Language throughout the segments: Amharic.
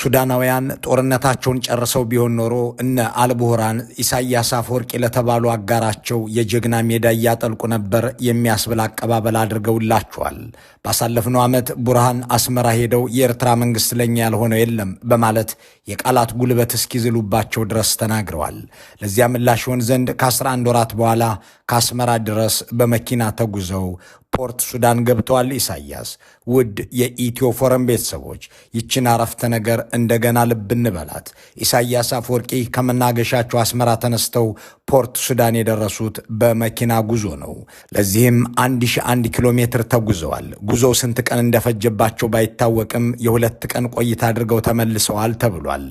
ሱዳናውያን ጦርነታቸውን ጨርሰው ቢሆን ኖሮ እነ አልቡሁራን ኢሳያስ አፈወርቂ ለተባሉ አጋራቸው የጀግና ሜዳ እያጠልቁ ነበር የሚያስብል አቀባበል አድርገውላቸዋል። ባሳለፍነው ዓመት ቡርሃን አስመራ ሄደው የኤርትራ መንግስት ለኛ ያልሆነው የለም በማለት የቃላት ጉልበት እስኪዝሉባቸው ድረስ ተናግረዋል። ለዚያ ምላሽ ይሆን ዘንድ ከ11 ወራት በኋላ ከአስመራ ድረስ በመኪና ተጉዘው ፖርት ሱዳን ገብተዋል። ኢሳያስ ውድ የኢትዮ ፎረም ቤተሰቦች ይችን አረፍተ ነገር እንደገና ልብ እንበላት። ኢሳያስ አፈወርቂ ከመናገሻቸው አስመራ ተነስተው ፖርት ሱዳን የደረሱት በመኪና ጉዞ ነው። ለዚህም 11 ኪሎ ሜትር ተጉዘዋል። ጉዞው ስንት ቀን እንደፈጀባቸው ባይታወቅም የሁለት ቀን ቆይታ አድርገው ተመልሰዋል ተብሏል።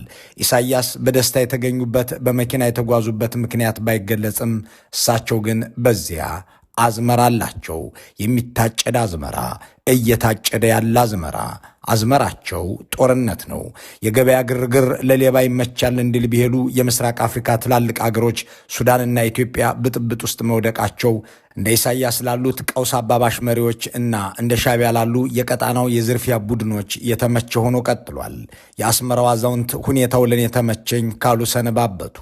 ኢሳያስ በደስታ የተገኙበት በመኪና የተጓዙበት ምክንያት ባይገለጽም እሳቸው ግን በዚያ አዝመራ አላቸው። የሚታጨድ አዝመራ፣ እየታጨደ ያለ አዝመራ። አዝመራቸው ጦርነት ነው። የገበያ ግርግር ለሌባ ይመቻል እንዲል ቢሄዱ የምስራቅ አፍሪካ ትላልቅ አገሮች ሱዳንና ኢትዮጵያ ብጥብጥ ውስጥ መውደቃቸው እንደ ኢሳያስ ላሉት ቀውስ አባባሽ መሪዎች እና እንደ ሻቢያ ላሉ የቀጣናው የዝርፊያ ቡድኖች የተመቸ ሆኖ ቀጥሏል። የአስመራው አዛውንት ሁኔታው ለን የተመቸኝ ካሉ ሰነባበቱ።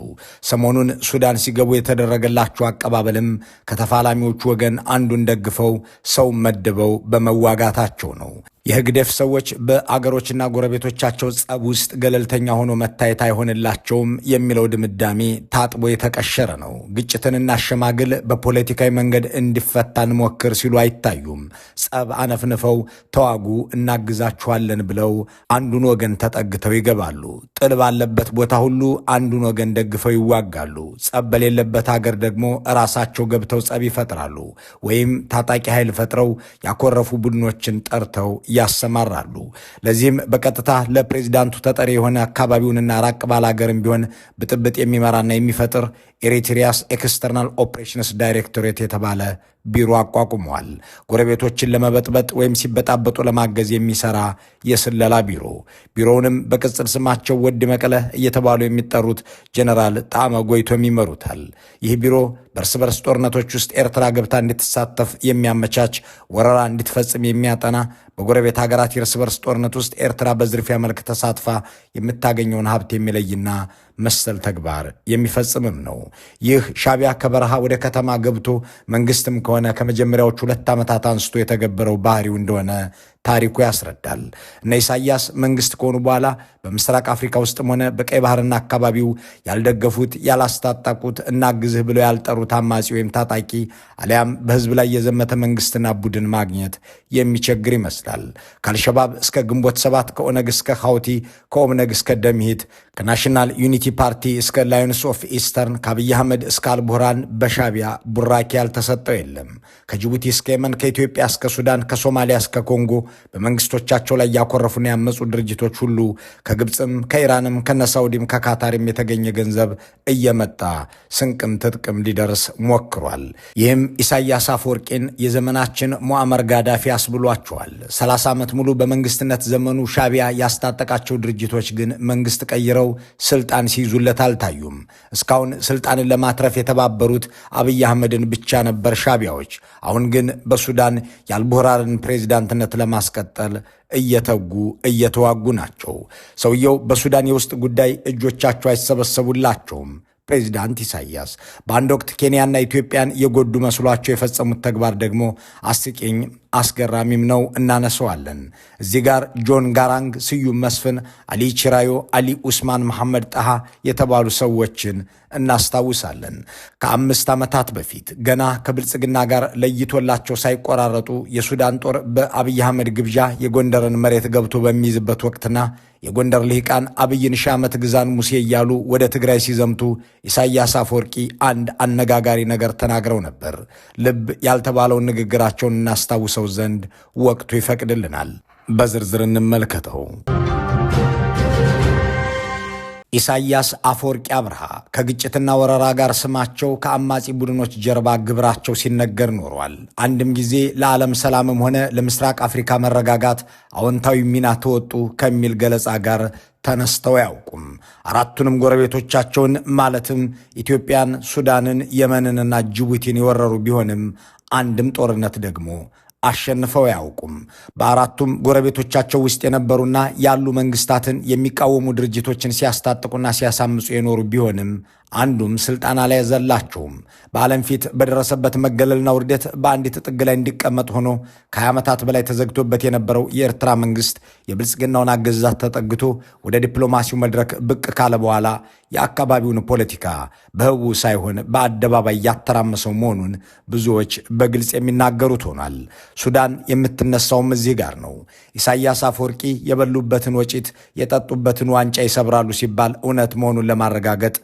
ሰሞኑን ሱዳን ሲገቡ የተደረገላቸው አቀባበልም ከተፋላሚዎቹ ወገን አንዱን ደግፈው ሰው መድበው በመዋጋታቸው ነው። የህግደፍ ሰዎች በአገሮችና ጎረቤቶቻቸው ጸብ ውስጥ ገለልተኛ ሆኖ መታየት አይሆንላቸውም የሚለው ድምዳሜ ታጥቦ የተቀሸረ ነው። ግጭትን እናሸማግል፣ በፖለቲካዊ መንገድ እንዲፈታ እንሞክር ሲሉ አይታዩም። ጸብ አነፍንፈው ተዋጉ፣ እናግዛችኋለን ብለው አንዱን ወገን ተጠግተው ይገባሉ። ጥል ባለበት ቦታ ሁሉ አንዱን ወገን ደግፈው ይዋጋሉ። ጸብ በሌለበት አገር ደግሞ ራሳቸው ገብተው ጸብ ይፈጥራሉ ወይም ታጣቂ ኃይል ፈጥረው ያኮረፉ ቡድኖችን ጠርተው ያሰማራሉ። ለዚህም በቀጥታ ለፕሬዚዳንቱ ተጠሪ የሆነ አካባቢውንና ራቅ ባለ ቢሆን ብጥብጥ የሚመራና የሚፈጥር ኤሪትሪያስ ኤክስተርናል ኦፕሬሽንስ ዳይሬክቶሬት የተባለ ቢሮ አቋቁሟል። ጎረቤቶችን ለመበጥበጥ ወይም ሲበጣበጡ ለማገዝ የሚሰራ የስለላ ቢሮ። ቢሮውንም በቅጽል ስማቸው ወድ መቀለ እየተባሉ የሚጠሩት ጀነራል ጣመ ጎይቶም ይመሩታል። ይህ ቢሮ በእርስ በርስ ጦርነቶች ውስጥ ኤርትራ ገብታ እንድትሳተፍ የሚያመቻች፣ ወረራ እንድትፈጽም የሚያጠና፣ በጎረቤት ሀገራት የእርስ በርስ ጦርነት ውስጥ ኤርትራ በዝርፊያ መልክ ተሳትፋ የምታገኘውን ሀብት የሚለይና መሰል ተግባር የሚፈጽምም ነው። ይህ ሻቢያ ከበረሃ ወደ ከተማ ገብቶ መንግስትም ከሆነ ከመጀመሪያዎች ሁለት ዓመታት አንስቶ የተገበረው ባህሪው እንደሆነ ታሪኩ ያስረዳል። እነ ኢሳያስ መንግስት ከሆኑ በኋላ በምስራቅ አፍሪካ ውስጥም ሆነ በቀይ ባህርና አካባቢው ያልደገፉት፣ ያላስታጠቁት እና ግዝህ ብለው ያልጠሩት አማጺ ወይም ታጣቂ አሊያም በህዝብ ላይ የዘመተ መንግስትና ቡድን ማግኘት የሚቸግር ይመስላል። ከአልሸባብ እስከ ግንቦት ሰባት፣ ከኦነግ እስከ ሐውቲ፣ ከኦብነግ እስከ ደምሂት፣ ከናሽናል ዩኒቲ ፓርቲ እስከ ላዮንስ ኦፍ ኢስተርን፣ ከአብይ አህመድ እስከ አልቡርሃን በሻቢያ ቡራኪ ያልተሰጠው የለም። ከጅቡቲ እስከ የመን፣ ከኢትዮጵያ እስከ ሱዳን፣ ከሶማሊያ እስከ ኮንጎ በመንግስቶቻቸው ላይ ያኮረፉና ያመፁ ድርጅቶች ሁሉ ከግብፅም ከኢራንም ከነሳውዲም ከካታሪም የተገኘ ገንዘብ እየመጣ ስንቅም ትጥቅም ሊደርስ ሞክሯል። ይህም ኢሳያስ አፈወርቂን የዘመናችን ሞአመር ጋዳፊ አስብሏቸዋል። ሰላሳ ዓመት ሙሉ በመንግስትነት ዘመኑ ሻቢያ ያስታጠቃቸው ድርጅቶች ግን መንግስት ቀይረው ስልጣን ሲይዙለት አልታዩም። እስካሁን ስልጣንን ለማትረፍ የተባበሩት አብይ አህመድን ብቻ ነበር ሻቢያዎች። አሁን ግን በሱዳን የአልቡራርን ፕሬዚዳንትነት ለማ ለማስቀጠል እየተጉ እየተዋጉ ናቸው። ሰውየው በሱዳን የውስጥ ጉዳይ እጆቻቸው አይሰበሰቡላቸውም ፕሬዚዳንት ኢሳያስ በአንድ ወቅት ኬንያና ኢትዮጵያን የጎዱ መስሏቸው የፈጸሙት ተግባር ደግሞ አስቂኝ አስገራሚም ነው፣ እናነሰዋለን። እዚህ ጋር ጆን ጋራንግ፣ ስዩም መስፍን፣ አሊ ቺራዮ፣ አሊ ኡስማን መሐመድ ጣሃ የተባሉ ሰዎችን እናስታውሳለን። ከአምስት ዓመታት በፊት ገና ከብልጽግና ጋር ለይቶላቸው ሳይቆራረጡ የሱዳን ጦር በአብይ አህመድ ግብዣ የጎንደርን መሬት ገብቶ በሚይዝበት ወቅትና የጎንደር ልሂቃን አብይን ሻመት ግዛን ሙሴ እያሉ ወደ ትግራይ ሲዘምቱ ኢሳያስ አፈወርቂ አንድ አነጋጋሪ ነገር ተናግረው ነበር። ልብ ያልተባለውን ንግግራቸውን እናስታውሰው ዘንድ ወቅቱ ይፈቅድልናል። በዝርዝር እንመልከተው። ኢሳያስ አፈወርቂ አብርሃ ከግጭትና ወረራ ጋር ስማቸው ከአማጺ ቡድኖች ጀርባ ግብራቸው ሲነገር ኖሯል። አንድም ጊዜ ለዓለም ሰላምም ሆነ ለምስራቅ አፍሪካ መረጋጋት አዎንታዊ ሚና ተወጡ ከሚል ገለጻ ጋር ተነስተው አያውቁም። አራቱንም ጎረቤቶቻቸውን ማለትም ኢትዮጵያን፣ ሱዳንን፣ የመንንና ጅቡቲን የወረሩ ቢሆንም አንድም ጦርነት ደግሞ አሸንፈው አያውቁም። በአራቱም ጎረቤቶቻቸው ውስጥ የነበሩና ያሉ መንግስታትን የሚቃወሙ ድርጅቶችን ሲያስታጥቁና ሲያሳምጹ የኖሩ ቢሆንም አንዱም ስልጣን ላይ ዘላችሁም በዓለም ፊት በደረሰበት መገለልና ውርደት በአንዲት ጥግ ላይ እንዲቀመጥ ሆኖ ከ20 ዓመታት በላይ ተዘግቶበት የነበረው የኤርትራ መንግስት የብልጽግናውን አገዛዝ ተጠግቶ ወደ ዲፕሎማሲው መድረክ ብቅ ካለ በኋላ የአካባቢውን ፖለቲካ በህቡ ሳይሆን በአደባባይ ያተራመሰው መሆኑን ብዙዎች በግልጽ የሚናገሩት ሆኗል። ሱዳን የምትነሳውም እዚህ ጋር ነው። ኢሳያስ አፈወርቂ የበሉበትን ወጪት የጠጡበትን ዋንጫ ይሰብራሉ ሲባል እውነት መሆኑን ለማረጋገጥ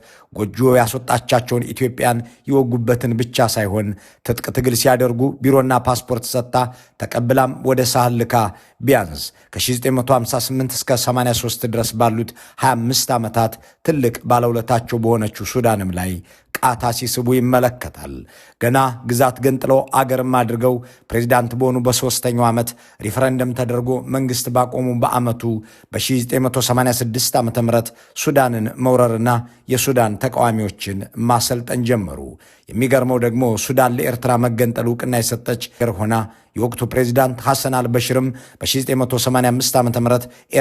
ጆ ያስወጣቻቸውን ኢትዮጵያን የወጉበትን ብቻ ሳይሆን ትጥቅ ትግል ሲያደርጉ ቢሮና ፓስፖርት ሰጥታ ተቀብላም ወደ ሳህል ልካ ቢያንስ ከ1958 እስከ 83 ድረስ ባሉት 25 ዓመታት ትልቅ ባለውለታቸው በሆነችው ሱዳንም ላይ ቃታ ሲስቡ ይመለከታል። ገና ግዛት ገንጥለው አገርም አድርገው ፕሬዚዳንት በሆኑ በሦስተኛው ዓመት ሪፈረንደም ተደርጎ መንግሥት ባቆሙ በዓመቱ በ1986 ዓ ም ሱዳንን መውረርና የሱዳን ተቃዋሚዎችን ማሰልጠን ጀመሩ። የሚገርመው ደግሞ ሱዳን ለኤርትራ መገንጠል እውቅና የሰጠች ገር ሆና የወቅቱ ፕሬዚዳንት ሐሰን አልበሽርም በ1985 ዓ ም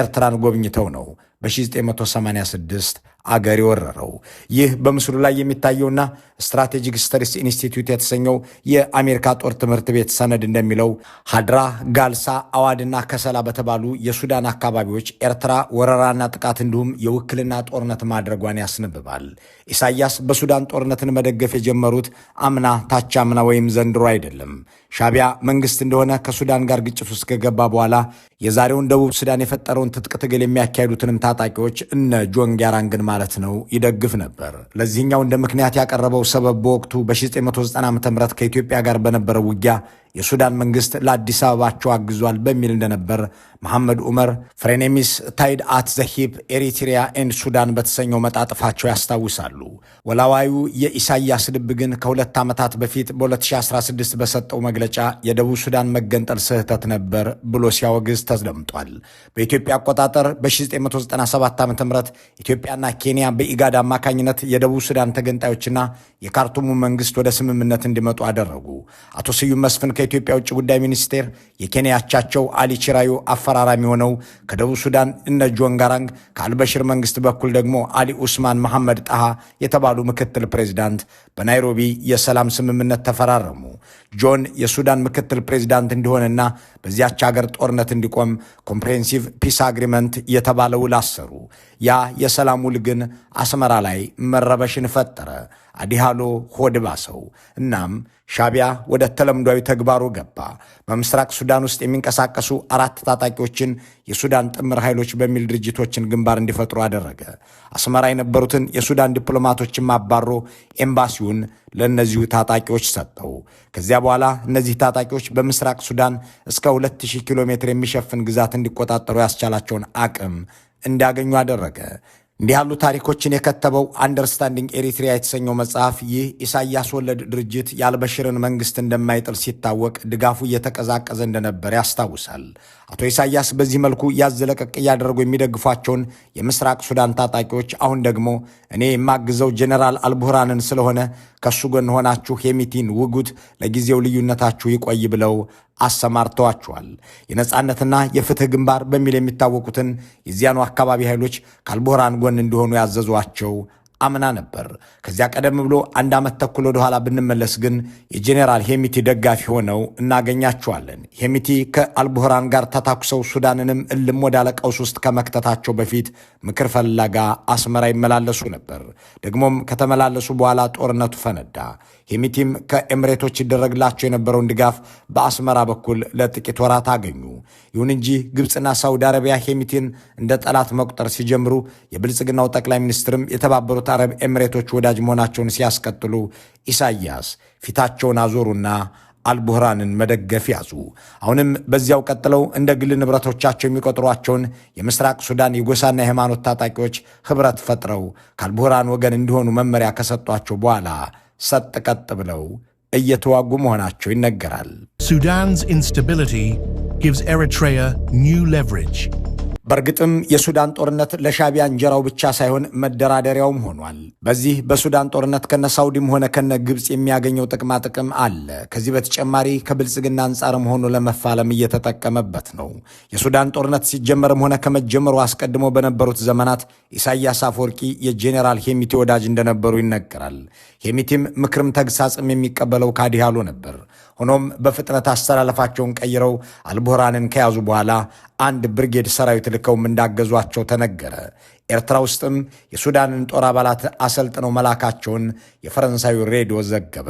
ኤርትራን ጎብኝተው ነው በ1986 አገር የወረረው። ይህ በምስሉ ላይ የሚታየውና ስትራቴጂክ ስተዲስ ኢንስቲትዩት የተሰኘው የአሜሪካ ጦር ትምህርት ቤት ሰነድ እንደሚለው ሀድራ፣ ጋልሳ፣ አዋድና ከሰላ በተባሉ የሱዳን አካባቢዎች ኤርትራ ወረራና ጥቃት እንዲሁም የውክልና ጦርነት ማድረጓን ያስነብባል። ኢሳያስ በሱዳን ጦርነትን መደገፍ የጀመሩት አምና ታች አምና ወይም ዘንድሮ አይደለም። ሻቢያ መንግስት እንደሆነ ከሱዳን ጋር ግጭት ውስጥ ከገባ በኋላ የዛሬውን ደቡብ ሱዳን የፈጠረውን ትጥቅ ትግል የሚያካሄዱትንም ታጣቂዎች እነ ጆንጊያራንግን ማለት ነው ይደግፍ ነበር። ለዚህኛው እንደ ምክንያት ያቀረበው ሰበብ በወቅቱ በ1990 ዓ ም ከኢትዮጵያ ጋር በነበረው ውጊያ የሱዳን መንግስት ለአዲስ አበባቸው አግዟል በሚል እንደነበር መሐመድ ዑመር ፍሬኔሚስ ታይድ አት ዘሂብ ኤሪትሪያ ኤንድ ሱዳን በተሰኘው መጣጥፋቸው ያስታውሳሉ። ወላዋዩ የኢሳያስ ልብ ግን ከሁለት ዓመታት በፊት በ2016 በሰጠው መግለጫ የደቡብ ሱዳን መገንጠል ስህተት ነበር ብሎ ሲያወግዝ ተደምጧል። በኢትዮጵያ አቆጣጠር በ1997 ዓ ም ኢትዮጵያና ኬንያ በኢጋድ አማካኝነት የደቡብ ሱዳን ተገንጣዮችና የካርቱሙ መንግስት ወደ ስምምነት እንዲመጡ አደረጉ። አቶ ስዩም መስፍን ከኢትዮጵያ ውጭ ጉዳይ ሚኒስቴር የኬንያቻቸው አሊ ቺራዩ አፈራራሚ ሆነው ከደቡብ ሱዳን እነ ጆን ጋራንግ፣ ከአልበሽር መንግስት በኩል ደግሞ አሊ ኡስማን መሐመድ ጣሃ የተባሉ ምክትል ፕሬዚዳንት በናይሮቢ የሰላም ስምምነት ተፈራረሙ። ጆን የሱዳን ምክትል ፕሬዚዳንት እንዲሆንና በዚያች ሀገር ጦርነት እንዲቆም ኮምፕሬሄንሲቭ ፒስ አግሪመንት የተባለ ውል አሰሩ። ያ የሰላም ውል ግን አስመራ ላይ መረበሽን ፈጠረ። አዲሃሎ ሆድ ባሰው። እናም ሻቢያ ወደ ተለምዷዊ ተግባሩ ገባ። በምስራቅ ሱዳን ውስጥ የሚንቀሳቀሱ አራት ታጣቂዎችን የሱዳን ጥምር ኃይሎች በሚል ድርጅቶችን ግንባር እንዲፈጥሩ አደረገ። አስመራ የነበሩትን የሱዳን ዲፕሎማቶችን አባሮ ኤምባሲውን ለእነዚሁ ታጣቂዎች ሰጠው። ከዚያ በኋላ እነዚህ ታጣቂዎች በምስራቅ ሱዳን እስከ 2000 ኪሎ ሜትር የሚሸፍን ግዛት እንዲቆጣጠሩ ያስቻላቸውን አቅም እንዲያገኙ አደረገ። እንዲህ ያሉ ታሪኮችን የከተበው አንደርስታንዲንግ ኤሪትሪያ የተሰኘው መጽሐፍ ይህ ኢሳያስ ወለድ ድርጅት የአልበሽርን መንግስት እንደማይጥል ሲታወቅ ድጋፉ እየተቀዛቀዘ እንደነበረ ያስታውሳል። አቶ ኢሳያስ በዚህ መልኩ ያዘለቀቅ እያደረጉ የሚደግፏቸውን የምስራቅ ሱዳን ታጣቂዎች አሁን ደግሞ እኔ የማግዘው ጄኔራል አልቡራንን ስለሆነ ከሱ ጎን ሆናችሁ ሄሚቲን ውጉት፣ ለጊዜው ልዩነታችሁ ይቆይ ብለው አሰማርተዋቸዋል። የነፃነትና የፍትህ ግንባር በሚል የሚታወቁትን የዚያኑ አካባቢ ኃይሎች ካልቦራን ጎን እንዲሆኑ ያዘዟቸው አምና ነበር። ከዚያ ቀደም ብሎ አንድ ዓመት ተኩል ወደኋላ ብንመለስ ግን የጄኔራል ሄሚቲ ደጋፊ ሆነው እናገኛቸዋለን። ሄሚቲ ከአልቡህራን ጋር ተታኩሰው ሱዳንንም እልም ወዳለ ቀውስ ውስጥ ከመክተታቸው በፊት ምክር ፈላጋ አስመራ ይመላለሱ ነበር። ደግሞም ከተመላለሱ በኋላ ጦርነቱ ፈነዳ። ሄሚቲም ከኤምሬቶች ይደረግላቸው የነበረውን ድጋፍ በአስመራ በኩል ለጥቂት ወራት አገኙ። ይሁን እንጂ ግብፅና ሳውዲ አረቢያ ሄሚቲን እንደ ጠላት መቁጠር ሲጀምሩ የብልጽግናው ጠቅላይ ሚኒስትርም የተባበሩት አረብ ኤምሬቶች ወዳጅ መሆናቸውን ሲያስቀጥሉ ኢሳይያስ ፊታቸውን አዞሩና አልቡህራንን መደገፍ ያዙ። አሁንም በዚያው ቀጥለው እንደ ግል ንብረቶቻቸው የሚቆጥሯቸውን የምስራቅ ሱዳን የጎሳና የሃይማኖት ታጣቂዎች ኅብረት ፈጥረው ከአልቡህራን ወገን እንዲሆኑ መመሪያ ከሰጧቸው በኋላ ሰጥ ቀጥ ብለው እየተዋጉ መሆናቸው ይነገራል። ሱዳንስ ኢንስታቢሊቲ ጊቭስ ኤሪትሪያ ኒው ሌቨሬጅ በእርግጥም የሱዳን ጦርነት ለሻቢያ እንጀራው ብቻ ሳይሆን መደራደሪያውም ሆኗል። በዚህ በሱዳን ጦርነት ከነ ሳውዲም ሆነ ከነ ግብፅ የሚያገኘው ጥቅማ ጥቅም አለ። ከዚህ በተጨማሪ ከብልጽግና አንጻርም ሆኖ ለመፋለም እየተጠቀመበት ነው። የሱዳን ጦርነት ሲጀመርም ሆነ ከመጀመሩ አስቀድሞ በነበሩት ዘመናት ኢሳያስ አፈወርቂ የጄኔራል ሄሚቲ ወዳጅ እንደነበሩ ይነገራል። ሄሚቲም ምክርም ተግሳጽም የሚቀበለው ካዲህ አሉ ነበር። ሆኖም በፍጥነት አሰላለፋቸውን ቀይረው አልቡራንን ከያዙ በኋላ አንድ ብርጌድ ሰራዊት ልከውም እንዳገዟቸው ተነገረ። ኤርትራ ውስጥም የሱዳንን ጦር አባላት አሰልጥነው መላካቸውን የፈረንሳዩ ሬዲዮ ዘገበ።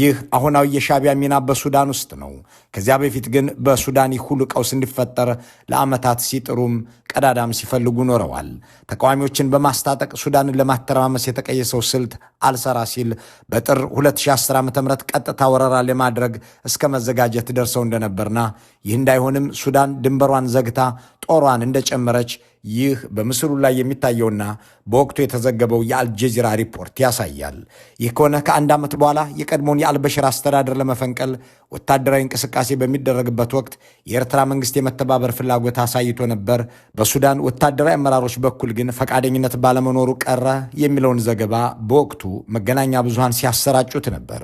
ይህ አሁናዊ የሻቢያ ሚና በሱዳን ውስጥ ነው። ከዚያ በፊት ግን በሱዳን ይህ ሁሉ ቀውስ እንዲፈጠር ለዓመታት ሲጥሩም ቀዳዳም ሲፈልጉ ኖረዋል። ተቃዋሚዎችን በማስታጠቅ ሱዳንን ለማተረማመስ የተቀየሰው ስልት አልሰራ ሲል በጥር 2010 ዓ ም ቀጥታ ወረራ ለማድረግ እስከ መዘጋጀት ደርሰው እንደነበርና ይህ እንዳይሆንም ሱዳን ድንበሯን ዘግታ ጦሯን እንደጨመረች ይህ በምስሉ ላይ የሚታየውና በወቅቱ የተዘገበው የአልጀዚራ ሪፖርት ያሳያል። ይህ ከሆነ ከአንድ ዓመት በኋላ የቀድሞውን የአልበሽር አስተዳደር ለመፈንቀል ወታደራዊ እንቅስቃሴ በሚደረግበት ወቅት የኤርትራ መንግስት የመተባበር ፍላጎት አሳይቶ ነበር፣ በሱዳን ወታደራዊ አመራሮች በኩል ግን ፈቃደኝነት ባለመኖሩ ቀረ የሚለውን ዘገባ በወቅቱ መገናኛ ብዙሃን ሲያሰራጩት ነበር።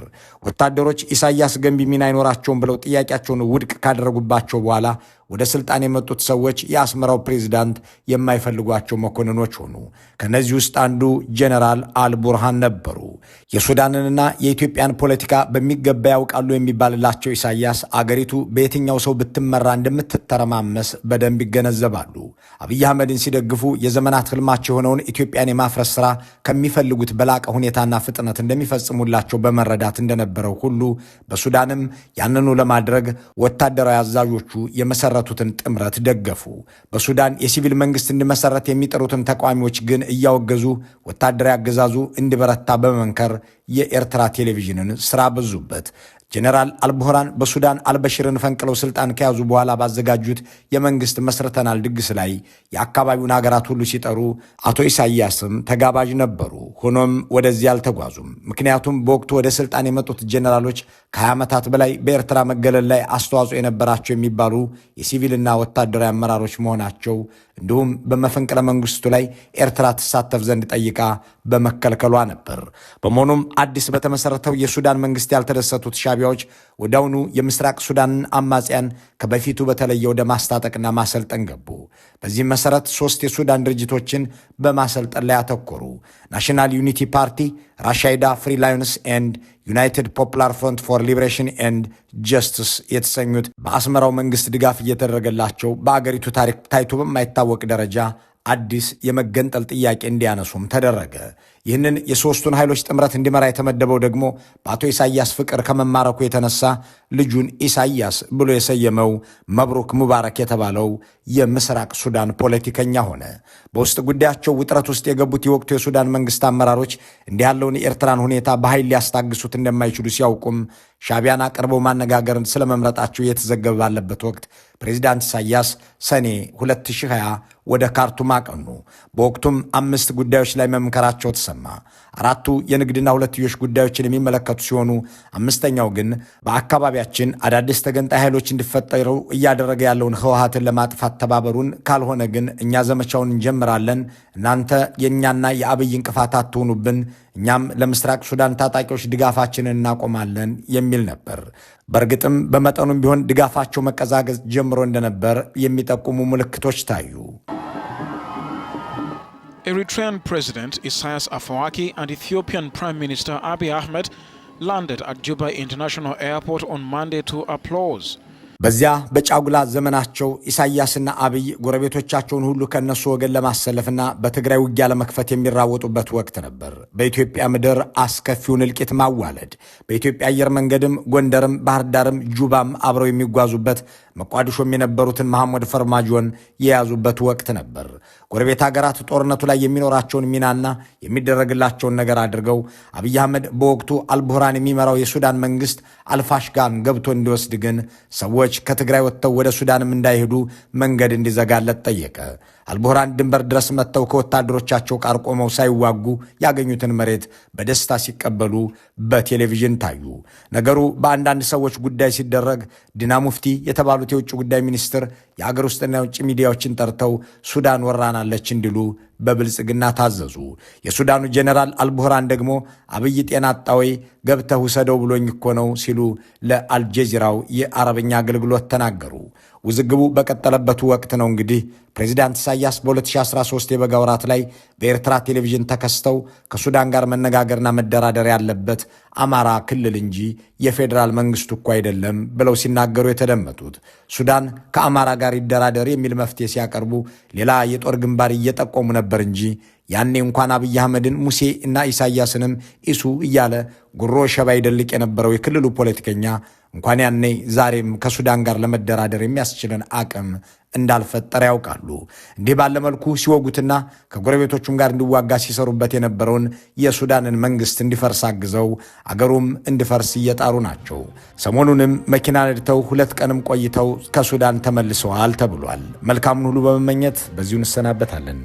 ወታደሮች ኢሳያስ ገንቢ ሚና አይኖራቸውም ብለው ጥያቄያቸውን ውድቅ ካደረጉባቸው በኋላ ወደ ስልጣን የመጡት ሰዎች የአስመራው ፕሬዚዳንት የማይፈልጓቸው መኮንኖች ሆኑ። ከነዚህ ውስጥ አንዱ ጀነራል አልቡርሃን ነበሩ። የሱዳንንና የኢትዮጵያን ፖለቲካ በሚገባ ያውቃሉ የሚባልላቸው ኢሳያስ አገሪቱ በየትኛው ሰው ብትመራ እንደምትተረማመስ በደንብ ይገነዘባሉ። አብይ አህመድን ሲደግፉ የዘመናት ህልማቸው የሆነውን ኢትዮጵያን የማፍረስ ስራ ከሚፈልጉት በላቀ ሁኔታና ፍጥነት እንደሚፈጽሙላቸው በመረዳት እንደነበረው ሁሉ በሱዳንም ያንኑ ለማድረግ ወታደራዊ አዛዦቹ የመሰረ የመሰረቱትን ጥምረት ደገፉ። በሱዳን የሲቪል መንግስት እንዲመሰረት የሚጠሩትን ተቃዋሚዎች ግን እያወገዙ ወታደራዊ አገዛዙ እንዲበረታ በመንከር የኤርትራ ቴሌቪዥንን ስራ በዙበት። ጀነራል አልቡርሃን በሱዳን አልበሽርን ፈንቅለው ስልጣን ከያዙ በኋላ ባዘጋጁት የመንግስት መስርተናል ድግስ ላይ የአካባቢውን ሀገራት ሁሉ ሲጠሩ አቶ ኢሳያስም ተጋባዥ ነበሩ። ሆኖም ወደዚህ አልተጓዙም። ምክንያቱም በወቅቱ ወደ ስልጣን የመጡት ጀነራሎች ከ20 ዓመታት በላይ በኤርትራ መገለል ላይ አስተዋጽኦ የነበራቸው የሚባሉ የሲቪልና ወታደራዊ አመራሮች መሆናቸው እንዲሁም በመፈንቅለ መንግስቱ ላይ ኤርትራ ትሳተፍ ዘንድ ጠይቃ በመከልከሏ ነበር። በመሆኑም አዲስ በተመሰረተው የሱዳን መንግስት ያልተደሰቱት ሻቢ ጣቢያዎች ወዲያውኑ የምስራቅ ሱዳን አማጽያን ከበፊቱ በተለየ ወደ ማስታጠቅና ማሰልጠን ገቡ። በዚህም መሰረት ሶስት የሱዳን ድርጅቶችን በማሰልጠን ላይ አተኮሩ። ናሽናል ዩኒቲ ፓርቲ፣ ራሻይዳ ፍሪ ላዮንስ ኤንድ ዩናይትድ ፖፕላር ፍሮንት ፎር ሊብሬሽን ኤንድ ጀስትስ የተሰኙት በአስመራው መንግስት ድጋፍ እየተደረገላቸው በአገሪቱ ታሪክ ታይቶ በማይታወቅ ደረጃ አዲስ የመገንጠል ጥያቄ እንዲያነሱም ተደረገ። ይህንን የሦስቱን ኃይሎች ጥምረት እንዲመራ የተመደበው ደግሞ በአቶ ኢሳያስ ፍቅር ከመማረኩ የተነሳ ልጁን ኢሳያስ ብሎ የሰየመው መብሩክ ሙባረክ የተባለው የምስራቅ ሱዳን ፖለቲከኛ ሆነ። በውስጥ ጉዳያቸው ውጥረት ውስጥ የገቡት የወቅቱ የሱዳን መንግስት አመራሮች እንዲህ ያለውን የኤርትራን ሁኔታ በኃይል ሊያስታግሱት እንደማይችሉ ሲያውቁም ሻቢያን አቅርበው ማነጋገርን ስለመምረጣቸው እየተዘገበ ባለበት ወቅት ፕሬዚዳንት ኢሳያስ ሰኔ 2020 ወደ ካርቱም አቀኑ። በወቅቱም አምስት ጉዳዮች ላይ መምከራቸው ተሰ ተሰማ። አራቱ የንግድና ሁለትዮሽ ጉዳዮችን የሚመለከቱ ሲሆኑ አምስተኛው ግን በአካባቢያችን አዳዲስ ተገንጣይ ኃይሎች እንዲፈጠሩ እያደረገ ያለውን ህወሀትን ለማጥፋት ተባበሩን፣ ካልሆነ ግን እኛ ዘመቻውን እንጀምራለን፣ እናንተ የእኛና የአብይ እንቅፋት አትሆኑብን፣ እኛም ለምስራቅ ሱዳን ታጣቂዎች ድጋፋችንን እናቆማለን የሚል ነበር። በእርግጥም በመጠኑም ቢሆን ድጋፋቸው መቀዛገዝ ጀምሮ እንደነበር የሚጠቁሙ ምልክቶች ታዩ። Eritrean President Isaias Afawaki and Ethiopian Prime Minister Abiy Ahmed landed at Juba International Airport on Monday to applause. በዚያ በጫጉላ ዘመናቸው ኢሳያስና አብይ ጎረቤቶቻቸውን ሁሉ ከእነሱ ወገን ለማሰለፍና በትግራይ ውጊያ ለመክፈት የሚራወጡበት ወቅት ነበር። በኢትዮጵያ ምድር አስከፊውን እልቂት ማዋለድ፣ በኢትዮጵያ አየር መንገድም ጎንደርም ባህር ዳርም ጁባም አብረው የሚጓዙበት መቋዲሾም የነበሩትን መሐመድ ፈርማጆን የያዙበት ወቅት ነበር። ጎረቤት ሀገራት ጦርነቱ ላይ የሚኖራቸውን ሚናና የሚደረግላቸውን ነገር አድርገው አብይ አህመድ በወቅቱ አልቡርሃን የሚመራው የሱዳን መንግስት አልፋሽጋን ገብቶ እንዲወስድ ግን ሰዎች ከትግራይ ወጥተው ወደ ሱዳንም እንዳይሄዱ መንገድ እንዲዘጋለት ጠየቀ። አልቡርሃን ድንበር ድረስ መጥተው ከወታደሮቻቸው ጋር ቆመው ሳይዋጉ ያገኙትን መሬት በደስታ ሲቀበሉ በቴሌቪዥን ታዩ። ነገሩ በአንዳንድ ሰዎች ጉዳይ ሲደረግ ዲና ሙፍቲ የተባሉት የውጭ ጉዳይ ሚኒስትር የአገር ውስጥና የውጭ ሚዲያዎችን ጠርተው ሱዳን ወራናለች እንዲሉ በብልጽግና ታዘዙ። የሱዳኑ ጄኔራል አልቡርሃን ደግሞ አብይ ጤና አጣወይ ገብተህ ውሰደው ብሎኝ እኮ ነው ሲሉ ለአልጀዚራው የአረብኛ አገልግሎት ተናገሩ። ውዝግቡ በቀጠለበት ወቅት ነው እንግዲህ ፕሬዚዳንት ኢሳያስ በ2013 የበጋ ወራት ላይ በኤርትራ ቴሌቪዥን ተከስተው ከሱዳን ጋር መነጋገርና መደራደር ያለበት አማራ ክልል እንጂ የፌዴራል መንግስቱ እኮ አይደለም ብለው ሲናገሩ የተደመጡት ሱዳን ከአማራ ጋር ጋር ይደራደር የሚል መፍትሄ ሲያቀርቡ ሌላ የጦር ግንባር እየጠቆሙ ነበር እንጂ ያኔ እንኳን አብይ አህመድን ሙሴ እና ኢሳያስንም ኢሱ እያለ ጉሮ ሸባ ይደልቅ የነበረው የክልሉ ፖለቲከኛ እንኳን ያኔ ዛሬም ከሱዳን ጋር ለመደራደር የሚያስችልን አቅም እንዳልፈጠረ ያውቃሉ። እንዲህ ባለ መልኩ ሲወጉትና ከጎረቤቶቹም ጋር እንዲዋጋ ሲሰሩበት የነበረውን የሱዳንን መንግስት እንዲፈርስ አግዘው አገሩም እንዲፈርስ እየጣሩ ናቸው። ሰሞኑንም መኪና ነድተው ሁለት ቀንም ቆይተው ከሱዳን ተመልሰዋል ተብሏል። መልካሙን ሁሉ በመመኘት በዚሁ እንሰናበታለን።